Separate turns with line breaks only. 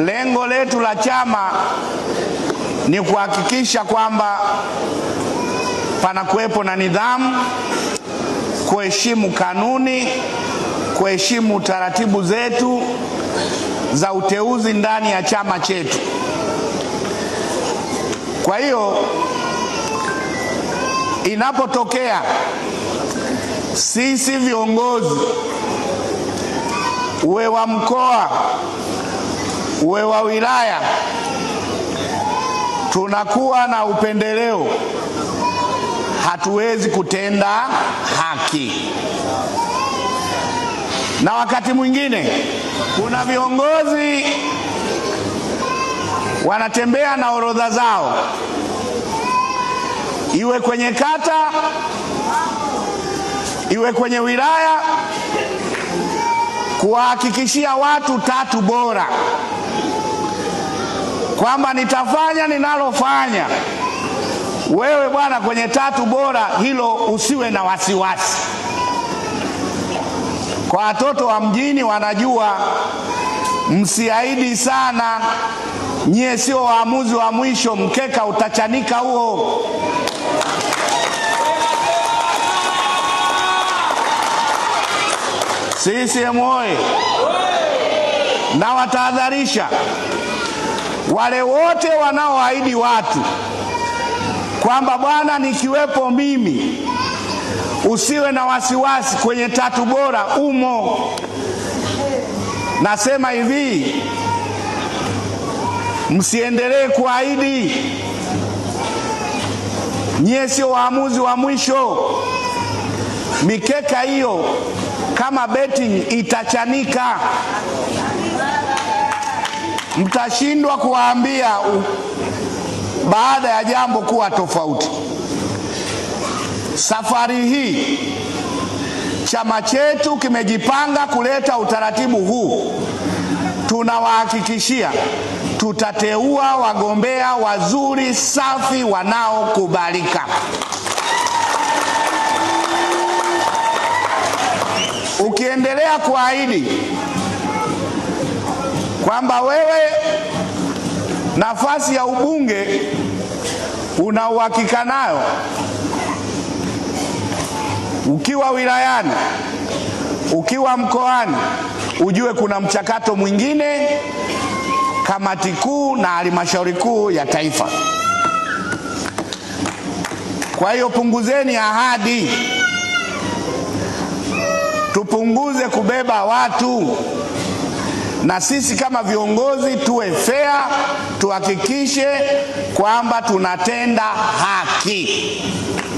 Lengo letu la chama ni kuhakikisha kwamba panakuwepo na nidhamu, kuheshimu kanuni, kuheshimu taratibu zetu za uteuzi ndani ya chama chetu. Kwa hiyo inapotokea sisi viongozi, uwe wa mkoa uwe wa wilaya, tunakuwa na upendeleo, hatuwezi kutenda haki. Na wakati mwingine kuna viongozi wanatembea na orodha zao, iwe kwenye kata, iwe kwenye wilaya kuwahakikishia watu tatu bora, kwamba nitafanya ninalofanya, wewe bwana, kwenye tatu bora hilo usiwe na wasiwasi. Kwa watoto wa mjini wanajua, msiahidi sana, nyie sio waamuzi wa mwisho, mkeka utachanika huo. CCM oye! Na watahadharisha wale wote wanaoahidi watu kwamba bwana, nikiwepo mimi usiwe na wasiwasi, kwenye tatu bora umo. Nasema hivi, msiendelee kuahidi. Nyie sio waamuzi wa mwisho. Mikeka hiyo kama beti itachanika, mtashindwa kuwaambia baada ya jambo kuwa tofauti. Safari hii chama chetu kimejipanga kuleta utaratibu huu. Tunawahakikishia tutateua wagombea wazuri, safi, wanaokubalika. ukiendelea kuahidi kwamba wewe nafasi ya ubunge una uhakika nayo ukiwa wilayani, ukiwa mkoani, ujue kuna mchakato mwingine, kamati kuu na halmashauri kuu ya taifa. Kwa hiyo punguzeni ahadi tupunguze kubeba watu, na sisi kama viongozi tuwe fair, tuhakikishe kwamba tunatenda haki.